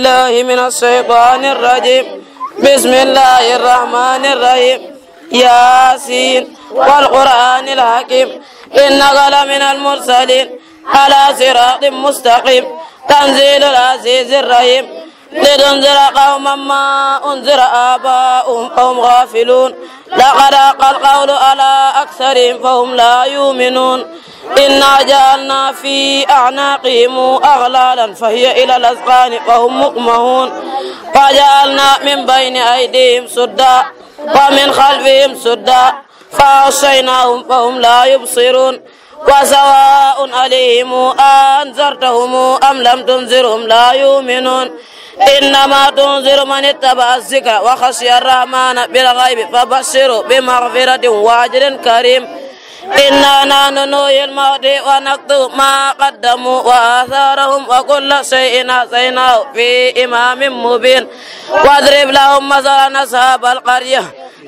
الله من الشيطان الرجيم بسم الله الرحمن الرحيم ياسين والقرآن الحكيم إنك لمن المرسلين على صراط مستقيم تنزيل العزيز الرحيم لتنذر قوما ما أنذر آباؤهم فهم غافلون لقد أقى القول على أكثرهم فهم لا يؤمنون إنا جعلنا في أعناقهم أغلالا فهي إلى الأذقان فهم مقمهون فجعلنا من بين أيديهم سدا ومن خلفهم سدا فأغشيناهم فهم لا يبصرون وسواء عليهم أنذرتهم أم لم تنذرهم لا يؤمنون إنما تنذر من اتبع الذكر وخشي الرحمن بالغيب فبشروا بمغفرة وأجر كريم إنا نحن نحيي الموتى ونكتب ما قدموا وآثارهم وكل شيء أتيناه في إمام مبين واضرب لهم مثلا أصحاب القرية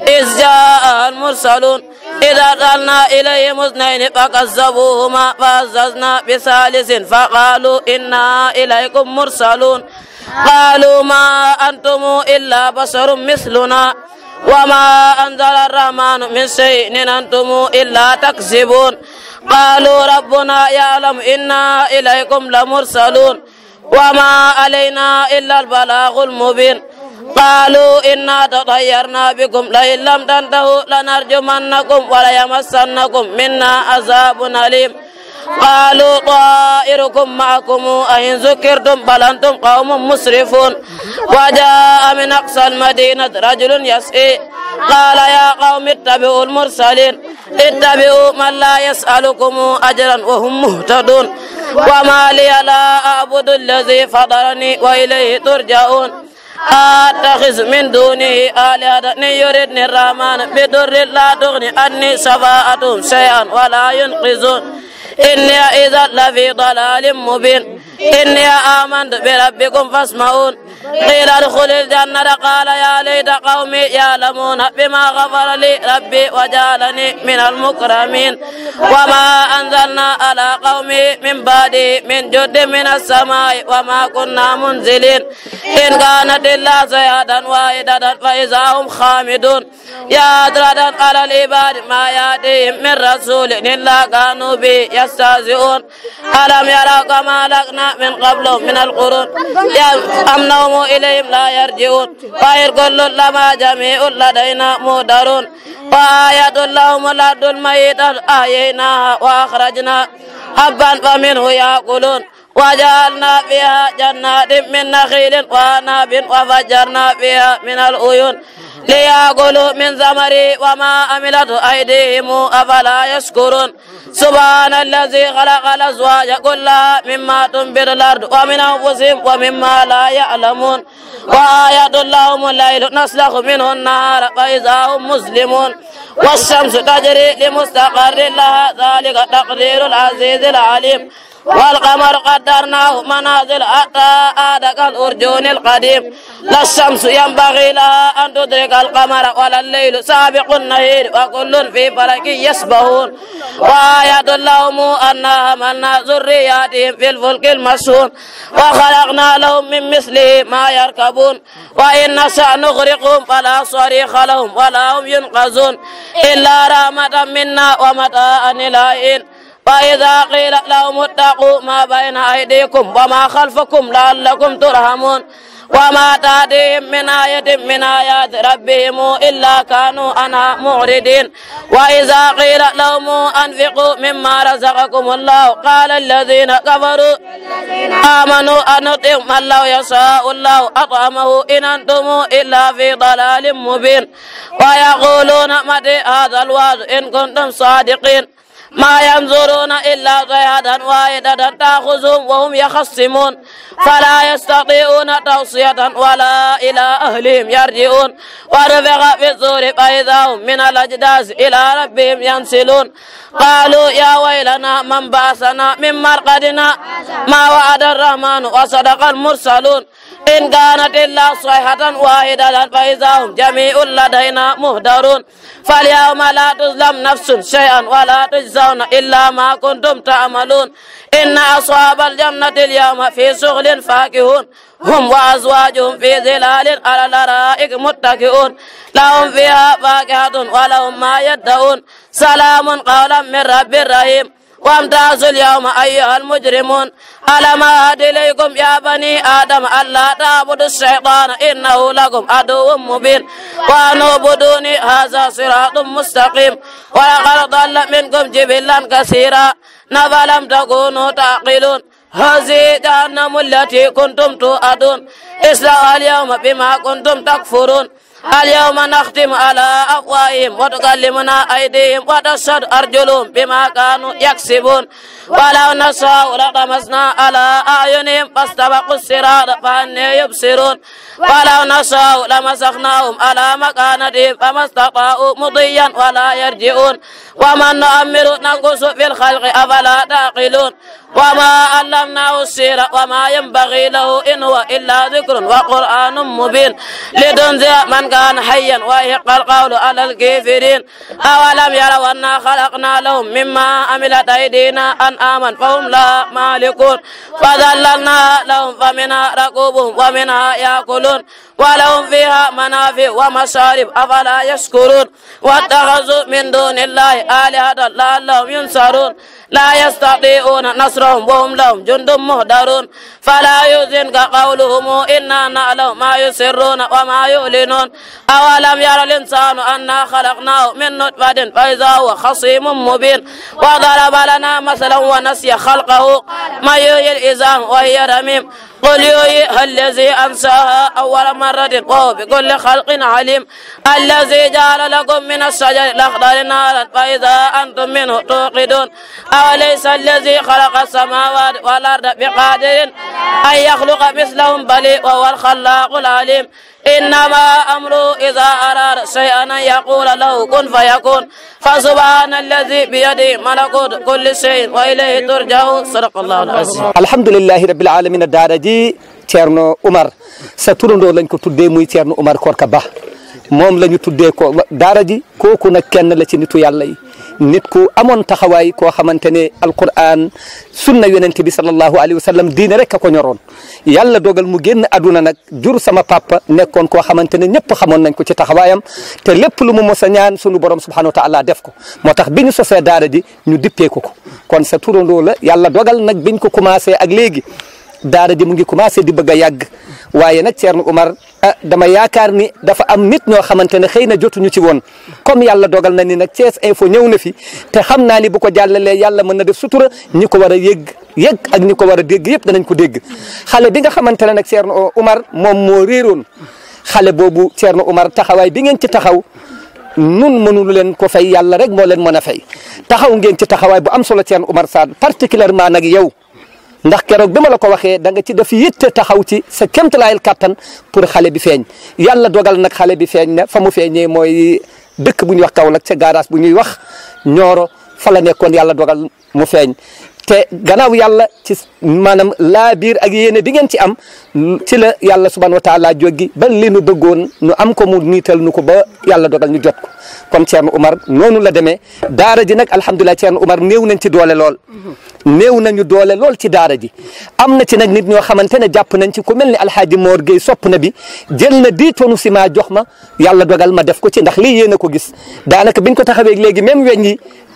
إذ جاء المرسلون إذا أرسلنا إليهم اثنين فكذبوهما فعززنا بثالث فقالوا إنا إليكم مرسلون قالوا ما أنتم إلا بشر مثلنا وما أنزل الرحمن من شيء إن أنتم إلا تكذبون قالوا ربنا يعلم إنا إليكم لمرسلون وما علينا إلا البلاغ المبين قالوا إنا تطيرنا بكم لئن لم تنتهوا لنرجمنكم وليمسنكم منا عذاب أليم قالوا طائركم معكم أئن ذكرتم بل أنتم قوم مسرفون وجاء من أقصى المدينة رجل يسعي قال يا قوم اتبعوا المرسلين اتبعوا من لا يسألكم أجرا وهم مهتدون وما لي لا أعبد الذي فضلني وإليه ترجعون أتخذ من دونه آلهة إن يردني الرحمن بدر لا تغني عني شفاعتهم شيئا ولا ينقذون إني إذا لفي ضلال مبين إني آمنت بربكم فاسمعون قيل ادخل الجنة قال يا ليت قومي يعلمون بما غفر لي ربي وجعلني من المكرمين وما أنزلنا على قومي من بعدي من جد من السماء وما كنا منزلين إن كانت إلا زيادة واحدة فإذا هم خامدون يا أدردا على العباد ما يأتيهم من رسول إلا كانوا به يستهزئون ألم يروا كما لقنا من قبل من القرون يا أمنهم وهم إليهم لا يرجعون خير كل لما جميع لدينا مدرون وآية لهم الأرض الميتة أحييناها وأخرجنا حبا فمنه يأكلون وجعلنا فيها جنات من نخيل وأناب وفجرنا فيها من العيون ليأكلوا من ثمري وما عملت أيديهم أفلا يشكرون سبحان الذي خلق الأزواج كلها مما تنبت الأرض ومن أنفسهم ومما لا يعلمون وآية لهم الليل نسلخ منه النهار فإذا هم مسلمون والشمس تجري لمستقر لها ذلك تقدير العزيز العليم والقمر قدرناه منازل حتى ادق الأرجون القديم لا الشمس ينبغي لها أن تدرك القمر ولا الليل سابق النهير وكل في فلك يسبهون وآية لهم أنا حملنا ذرياتهم في الفلك المسون وخلقنا لهم من مثله ما يركبون وإن نشأ نغرقهم فلا صريخ لهم ولا هم ينقذون إلا رحمة منا ومتاء إلى حين فإذا قيل لهم اتقوا ما بين أيديكم وما خلفكم لعلكم ترحمون وما تاتيهم من آية من آيات ربهم إلا كانوا أنا معرضين وإذا قيل لهم أنفقوا مما رزقكم الله قال الذين كفروا آمنوا أن نطعم من لو يشاء الله أطعمه إن أنتم إلا في ضلال مبين ويقولون متى هذا الوعد إن كنتم صادقين ما ينظرون إلا ضيادا واحدة تأخذهم وهم يخصمون فلا يستطيعون توصية ولا إلى أهلهم يرجعون ورفق في الزور فإذا هم من الأجداث إلى ربهم ينسلون قالوا يا ويلنا من باسنا من مرقدنا ما وعد الرحمن وصدق المرسلون فإن كانت إلا صيحة واحدة فإذا هم جميع لدينا مهدرون فاليوم لا تظلم نفس شيئا ولا تجزون إلا ما كنتم تعملون إن أصحاب الجنة اليوم في شغل فاكهون هم وأزواجهم في ظلال على الأرائك متكئون لهم فيها فاكهة ولهم ما يدعون سلام قولا من رب رحيم قم اليوم أيها المجرمون ألم أهد إليكم يا بني آدم ألا تعبدوا الشيطان إنه لكم عدو مبين وأن اعبدوني هذا صراط مستقيم ولقد ضل منكم جبلا كثيرا أفلم تكونوا تعقلون هذه جهنم التي كنتم تؤدون إسلام اليوم بما كنتم تكفرون اليوم نختم على أقوائهم وتكلمنا أيديهم وتشهد أرجلهم بما كانوا يكسبون ولو نشاء لطمسنا على أعينهم فاستبقوا الصراط فأني يبصرون ولو نشاء لمسخناهم على مكانتهم فما استطاعوا مضيا ولا يرجعون ومن نؤمر ننقص في الخلق أفلا تعقلون وما علمناه السيرة وما ينبغي له إن هو إلا ذكر وقرآن مبين لتنذر من كان حيا ويحق القول على الكافرين أولم يروا أنا خلقنا لهم مما أملت أيدينا أن آمن فهم لا مالكون فذللنا لهم فمنها ركوبهم ومنها يأكلون ولهم فيها منافع ومشارب أفلا يشكرون واتخذوا من دون الله آلهة لعلهم ينصرون لا يستطيعون نصرهم وهم لهم جند مهدرون فلا يزن قولهم إنا نعلم ما يسرون وما يعلنون أولم يرى الإنسان أنا خلقناه من نطفة فإذا هو خصيم مبين وضرب لنا مثلا ونسي خلقه ما يهي الإزام وهي رميم قل هل الذي أنساها أول مرة وهو بكل خلق عليم الذي جعل لكم من الشجر الأخضر نارا فإذا أنتم منه توقدون أوليس الذي خلق السماوات والأرض بقادر أن يخلق مثلهم بلي وهو الخلاق العليم إنما أمره إذا أراد شيئا يقول له كن فيكون فسبحان الذي بيده ملكوت كل شيء وإليه ترجعون صدق الله العظيم الحمد لله رب العالمين الدارجي تيرنو عمر sa turando lañ تودي موي تيرنو عمر كوركا با موم لا نيو تودي كو دارجي كوكو نا كين لا la نيتو يالله nit ku amoon taxawaay koo xamante ne alquran sunna yonent bi sallallahu alayhi wa sallam diine rek a ko ñoroon yàlla dogal mu génn aduna nag jur sama papa nekkoon koo xamante ne ñëpp xamoon nañ ko ci taxawaayam te lépp lu mu mos a ñaan sunu borom subhanahu wa taala def ko moo tax bi ñu sosee daara ji ñu dippee ko ko kon sa turandoo la yàlla dogal nag biñ ko commencé ak léegi daara ji mu ngi commencé di bëgg a yàgg waaye nag Thierno Oumar ah dama yaakaar ni dafa am mit ñoo xamante ne xëy na jotuñu ci woon comme yàlla dogal na ni nag Thiès Info ñëw na fi te xam naa ni bu ko jàllalee yàlla mën na def sutura ñi ko war a yëgg yëgg ak ñi ko war a dégg yëpp danañ ko dégg xale bi nga xamante ne nag Thierno Oumar moom moo réeroon xale boobu Thierno Oumar taxawaay bi ngeen ci taxaw nun mënulu leen ko fay yàlla rek moo leen mën a fay taxaw ngeen ci taxawaay bu am solo Thierno Oumar Sane particulièrement nag yow ndax keroog bi ma la ko waxee da nga ci def yitte taxaw ci sa kéemtalaayal kattan pour xale bi feeñ yàlla dogal nag xale bi feeñ na fa mu feeñee mooy dëkk bu ñuy wax Kaolack ca garage bu ñuy wax Nioro fa la nekkoon yàlla dogal mu feeñ te gannaaw yàlla ci maanaam laa biir ak yéene bi ngeen ci am ci la yàlla subhanahu wa taala jóggi ba li nu bëggoon nu am ko mu niital nu ko ba yàlla dogal ñu jot ko comme Thierno Umar noonu la demee daara ji nag alhamdulilah Thierno Umar néew nañ ci doole lool. néew nañu doole lool ci daara ji am na ci nag nit ñoo xamante ne jàpp nañ ci ku mel ni alhaaji Mor Gueye sopp na bi jël na dix tonnes ciment jox ma yàlla dogal ma def ko ci ndax li yéen a ko gis daanaka biñ ko taxawee léegi même weñ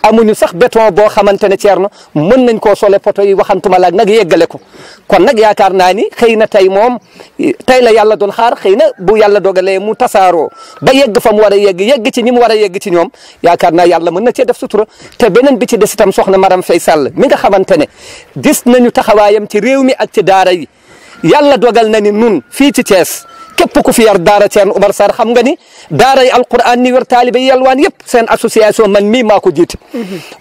amuñu sax béton boo xamante ne Thierno mën nañ koo sole poto yi waxantuma laak nag yeggale ko kon nag yaakaar naa ni xëy na tey moom tey la yàlla doon xaar xëy na bu yàlla dogalee mu tasaaroo ba yegg fa mu war a yegg yegg ci ñi mu war a yegg ci ñoom yaakaar naa yàlla mën na cee def sutura te beneen bi ci des itam soxna Maram Faye Sall mi nga xamante ne gis nañu taxawaayam ci réew mi ak ci daara yi yàlla dogal na ni nun fii ci Thiès képp ku fi yar daara Thierno Oumar Sarr xam nga ni daaray alquran ni wér taalibe yi yalwaan yëpp seen association man mii maa ko jiite.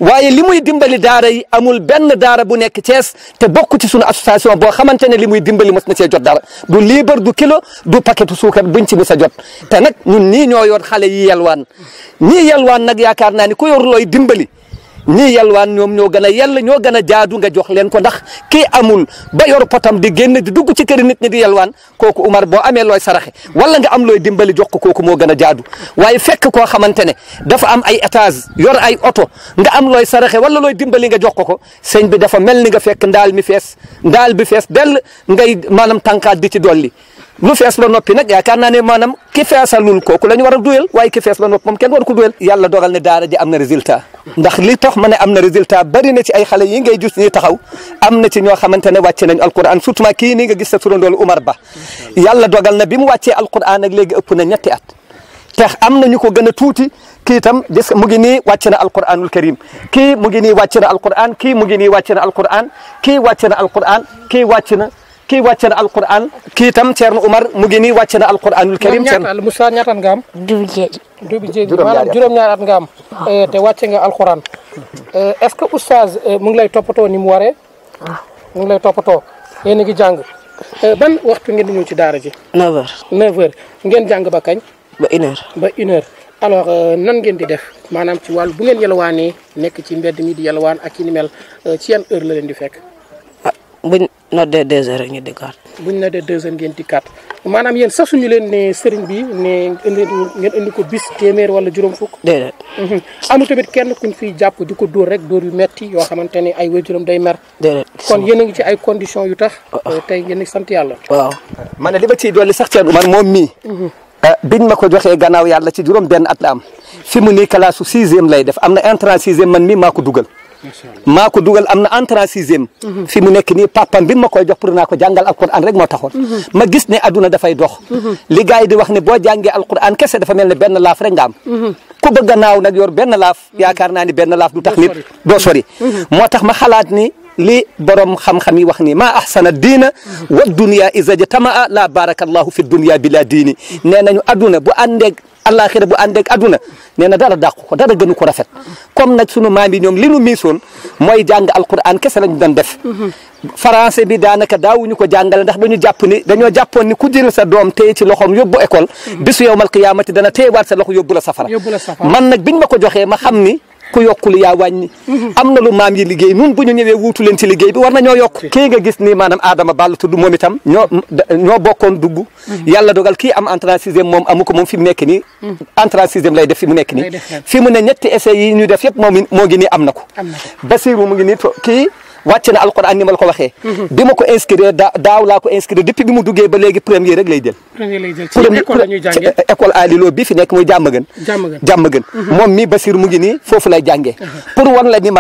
waaye li muy dimbali daara yi amul benn daara bu nekk Thiès te bokk ci sunu association boo xamante ne li muy dimbali mos na cee jot dara du liibar du kilo du paquetu suukar buñ ci mos a jot. te nag ñun nii ñoo yor xale yi yalwaan ñii yalwaan nag yaakaar naa ni ku yor looy dimbali. ni yalwaan ñoom ñoo gën a yell ñoo gën a jaadu nga jox leen ko ndax kii amul ba yor potam di génn di dugg ci këri nit ñi di yalwaan kooku Umar boo amee looy saraxe wala nga am looy dimbali jox ko kooku moo gën a jaadu waaye fekk koo xamante ne dafa am ay étage yor ay oto nga am looy saraxe wala looy dimbali nga jox ko ko sëñ bi dafa mel ni nga fekk ndaal mi fees ndaal bi fees dell ngay maanaam tànkaat di ci dolli lu fees la noppi nag yaakaar naa ne maanaam ki feesalul kooku la ñu war a duyal waaye ki fees la nopp moom kenn war ko duyal yàlla dogal ne daara am na résultat ndax li tox ma ne am na résultat bari na ci ay xale yi ngay gis ñuy taxaw am na ci ñoo xamante ne wàcce nañu alquran surtout kii nii nga gis sa turandoolu Umar Ba yàlla dogal na bi mu wàccee alquran ak léegi ëpp na ñetti at te am na ñu ko gën a tuuti kii itam gis mu ngi nii wàcc na alquranul karim kii mu ngi nii wàcc na alquran kii mu ngi nii wàcc na alquran kii wàcc na alquran kii wàcc na ki wàcce na alquran ki tam cerno Umar mu ngi nii wàcce na alquranul karim cerno Moussa musa nga am duubi jéegi duubi jéegi maanaam juróom-ñaari at nga eh, te wacce nga alquran eh, est-ce que oustaz eh, mu ngi lay topato ni mu waré mu ngi lay topato yéen gi jang jàng ban waxtu ngeen ñu ci daara ji 9 h 9 h ngeen jang ba kañ ba 1h ba 1h alors euh, nan ngeen di def manam ci walu bu ngeen yalwaanee nek ci mbedd mi di yalwaan ak ni mel euh, ci yan heure la leen di fekk noddee deux heures rek ñu dikkaat. bu ñu noddee deux heures ngeen dikkaat maanaam yéen sax suñu leen ne sëriñ bi ne indi ngeen indi ko bis téeméer wala juróom fukk. déedéet. Mhm. amul tamit kenn kuñ fiy jàpp di ko dóor rek dóor yu metti yoo xamante ne ay waajuram day mer. déedéet kon yéen a ngi ci ay conditions yu tax. Ah, ah. tey ngeen di sant yàlla. waaw man li ma ciy dolli sax Thierno man moom mii. Mhm. Ah, biñ ma ko joxee gannaaw yàlla ci juróom benn at la am fi mu nii classe su sixième lay def am na intrant sixième man mii maa ko dugal. maa dugal am na entrée mhm. fi mu nekk nii papam bi ma koy jox pour naa ko jàngal alquran rek moo taxoon mhm. ma gis ne adduna dafay dox mhm. li gars yi di wax ne boo jàngee alquran kese dafa mel ne benn laaf rek nga am ku a nag yor benn laaf yaakaar naa ni laaf du tax nit doo moo tax ma xalaat ni li borom xam-xam yi wax ni maa ahsana diina wa dunia iza jatamaa la baraka allahu fi dunia bila diini nee nañu adduna bu àndeeg àllaaxira bu ànd ak àdduna nee na dara dàqu ko dara gënu ko rafet comme nag sunu maam yi ñoom li nu miisoon mooy jàng alquran kese lañu doon def français bi daanaka daawuñu ko jàngale ndax ba ñu jàpp ni dañoo jàppoon ni ku jël sa doom téye ci loxoom yóbbu école hmm. bisu yowmal qiyaamati dana téyewaat sa loxo yóbbu la safara man nag biñ ma ko joxee ma xam ni ku yokkul yaa wàññi mm-hmm. am na lu maam yi liggéey nun bu ñu ñëwee wuutu leen liggéey bi war na ñoo yokk gis nii maanaam Adama Ball tudd moom itam ñoo ñoo bokkoon dugg mm-hmm. dogal kii am entrée en sixième moom amu ko moom fi mu nekk nii mm-hmm. entrée en sixième lay def fi mu nekk nii fi ne ñetti essais yi ñu def yëpp moom moo ngi nii ko Basiru mu ngi nii kii wàcc na alquran ni ma la ko waxee. Mhm. bi ma ko inscrire daaw laa ko inscrire depuis bi mu duggee ba léegi premier rek lay premier lay ci école la ñuy jàngee école Alilo bi fi nekk mooy jàmm gën. jàmm gën mhm. moom mi Basir mu ngi nii foofu lay jàngee. Mhm. pour wan la ni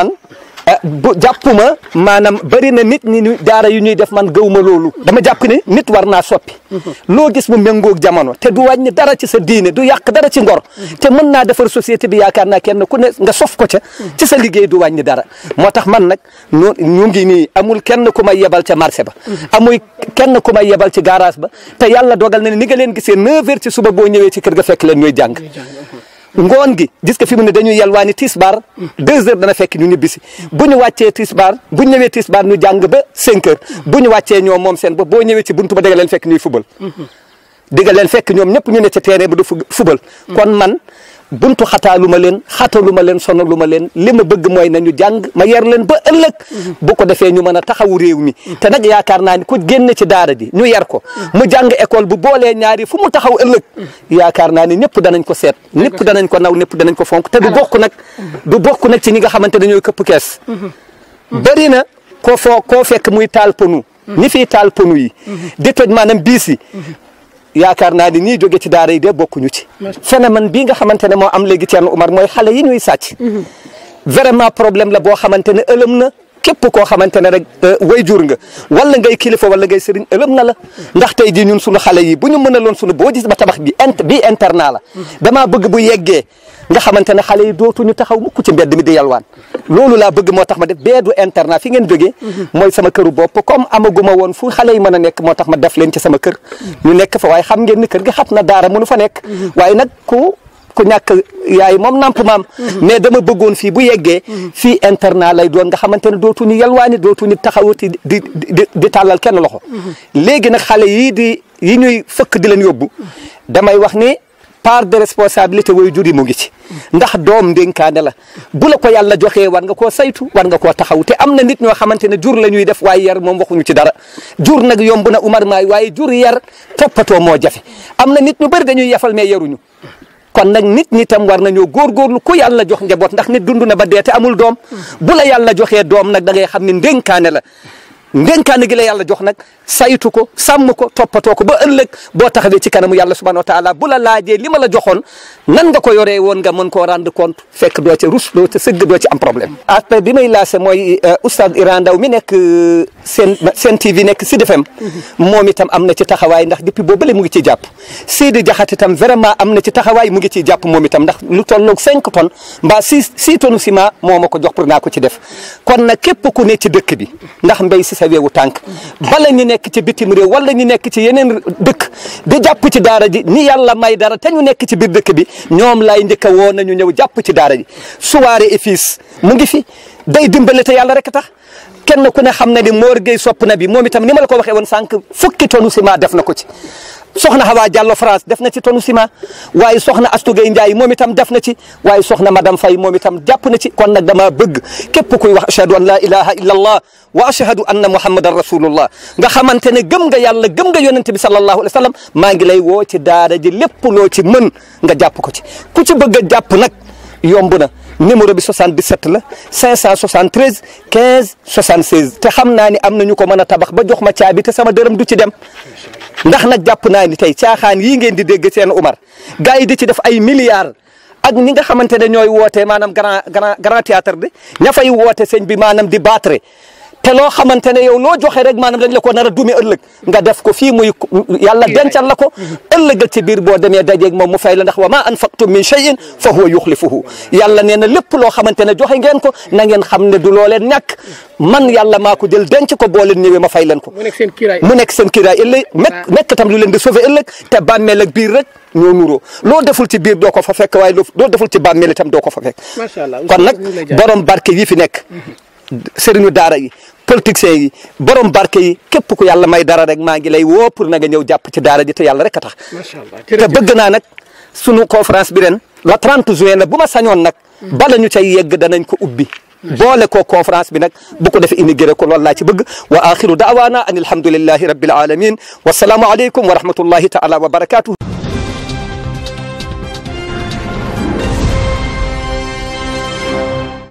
Eh, bu jàppuma maanaam bëri na nit ñi ñu daara yu ñuy def man gëwuma loolu dama jàpp ni nit war naa soppi mhm. loo gis mu méngoog jamono te du wàññi dara ci sa diine du yàq dara ci ngor mhm. te mën naa defar société bi yaakaar naa kenn ku ne nga sof ko ca mhm. ci sa liggéey du wàññi dara moo tax man nag noon ñu ngi nii amul kenn ku may yebal ca marché ba amul kenn ku may yebal ci garage ba te yàlla dogal na ni nga leen gisee 9 heures ci suba boo ñëwee ci kër ga fekk leen ñuy jàng ngoon gi gis nga fi ne dañuy yalwaani tisbaar deux heures dana fekk ñu ñibbisi bu ñu wàccee tisbaar bu ñu ñëwee tisbaar ñu jàng ba cinq bu ñu wàccee ñoom moom seen bopp boo ñëwee ci buntu ba dégg leen fekk ñuy fubal. Mhm. dégg fekk ñoom ñëpp ñu ne ci terrain bi du fubal mhm. kon man buntu xataalu ma leen xatalu ma leen sonalu ma leen li ma bëgg mooy nañu jàng ma yar leen ba ëllëg bu ko defee ñu mën a taxawu réew mi te nag yaakaar naa ni ku génn ci daara ji ñu yar ko mu jàng école bu boolee ñaari fu mu taxaw ëllëg yaakaar naa ni ñëpp danañ ko seet ñëpp danañ ko naw ñëpp danañ ko fonk te du bokk nag du bokk nag ci ñi nga xamante dañooy këpp kees bëri na ko foo koo fekk muy taal ponu ñi fiy taal ponu yi mhm. di toj maanaam biis yi yaakaar naa ni nii jóge ci daara yi de bokkuñu ci. phénomène bii nga xamante ne moo am léegi Thierno Oumar mooy xale yi ñuy sàcc. Mhm. vraiment problème la boo xamante ne ëlëm na képp koo xamante ne rek euh, way jur nga wala ngay kilifa wala ngay sëriñ ëlëm na la. Mhm. ndax tey jii ñun suñu xale yi bu ñu loon sunu boo gis ba tabax bi int bii internat la. Mhm. damaa bëgg bu yeggee nga xamante ne xale yi dootuñu taxaw mukk ci mbedd mi di yalwaan. loolu laa bëgg moo tax ma def bee du internat fi ngeen jógee mooy sama këru bopp comme amaguma woon fu xale yi mën a nekk moo tax ma def leen ci sama kër ñu nekk fa waaye xam ngeen ni kër gi xat na daara mënu fa nekk waaye nag ku ku ñàkk yaay moom namp maam mais dama bëggoon fii bu yeggee fii internat lay doon nga xamante ne dootu ñu yalwaani dootu ñu taxawati di di di tàllal kenn loxo léegi nag xale yi di yi ñuy fëkk di leen yóbbu damay wax ni part de responsabilité way jur yi mu ngi ci ndax doom ndénkaane la bu la ko yàlla joxee war nga koo saytu war nga koo taxaw te am na nit ñoo xamante ne jur la ñuy def waaye yar moom waxuñu ci dara jur nag yomb na Umar maay waaye jur yar toppatoo moo jafe am na nit ñu bëri dañuy yafal mais yaruñu kon nag nit ñitam war na ñoo war nañoo lu ku yàlla jox njaboot ndax nit dund na ba deete amul doom bu la yàlla joxee doom nag da xam ne ndénkaane la ndénkaane gi la yàlla jox nag saytu ko sàmm ko toppatoo ko ba ëllëg boo taxawee ci kanamu yàlla subhanahu wa taala bu la laajee li ma la joxoon nan nga ko yoree woon nga mën koo rendre compte fekk doo ca rus doo ca sëgg doo ci am problème. aspect bi may laase mooy euh, oustaz Iran Ndaw mi nekk euh, seen seen TV nekk si FM. Mhm. moom itam am na ci taxawaay ndax depuis boobale mu ngi ciy jàpp. Seydi Jaxate itam vraiment am na ci taxawaay mu ngi ciy jàpp moom itam ndax lu tolloog 5 tonnes mbaa 6 6 tonnes ciment moo ma ko jox pour naa ko ci def kon bi sa weewu tànk bala ñu nekk ci bitim réew wala ñu nekk ci yeneen dëkk di jàpp ci daara ji ni yàlla may dara te ñu nekk ci biir dëkk bi ñoom lay njëkk a woo nañu ñëw jàpp ci daara ji soirée EFIS mu ngi fi day dimbale te yàlla rek tax kenn ku ne xam na ni Mor Gueye sopp na bi moom itam ni ma la ko waxee woon sànq fukki tonu ciment def na ko ci soxna Hawa Diallo France def na ci tonu ciment waaye soxna Astou Gueye Ndiaye moom itam def na ci waaye soxna madame Faye moom itam jàpp na ci kon nag dama bëgg képp ku wax ashhadu an laa ilaha illa allah wa ashhadu anna muhammadan rasulullah nga xamante ne gëm nga yàlla gëm nga yonente bi sallallahu alayhi wa sallam maa ngi lay woo ci daara ji lépp loo ci mën nga jàpp ko ci ku ci bëgg a jàpp nag yomb na numéro bi 77 la 573 15 76 te xam naa ni am na ñu ko mën a tabax ba jox ma caabi te sama dërëm du ci dem ndax nag jàpp naa ni tey caaxaan yii ngeen di dégg seen Umar gars yi di ci def ay milliards. ak ñi nga xamante ne ñooy woote maanaam grand grand grand théâtre bi ña fay woote sëñ bi maanaam di battre te loo xamante ne yow loo joxe rek maanaam dañ la ko nara a dume ëllëg nga def ko fii muy yàlla dencal la ko mhm. ëllëgal ci biir boo demee dajeeg moom mu fay la ndax wa ma anfaqtum min shay'in fa huwa yukhlifuhu yàlla nee na lépp loo xamante ne joxe ngeen ko na ngeen xam ne du loolee ñàkk man yàlla maa ko jël denc ko boo leen ñëwee ma fay leen ko mu nekk seen kiraay ëllëg mekk nekk tam lu leen di sauver ëllëg te bàmmeel ak biir rek ñoo nuroo loo deful ci biir doo ko fa fekk waaye loo deful ci bàmmeel itam doo ko fa fekk kon nag borom barke yi fi nekk mhm. sëriñu daara yi politiciens yi borom barke yi képp ku yàlla may dara rek maa ngi lay woo pour na nga ñëw jàpp ci daara ji te yàlla rek a tax. macha allah te bëgg naa sunu conférence bi ren. la 30 juin bu ma sañoon nag. bala ñu cay yegg danañ ko ubbi. boole ko conférence bi nag bu ko defee intégré ko loolu laa ci bëgg wa axiru daawaana an alhamdulillahi rabbil alamin wasalaamu aleykum wa rahmatullahi taala wa barakaatu.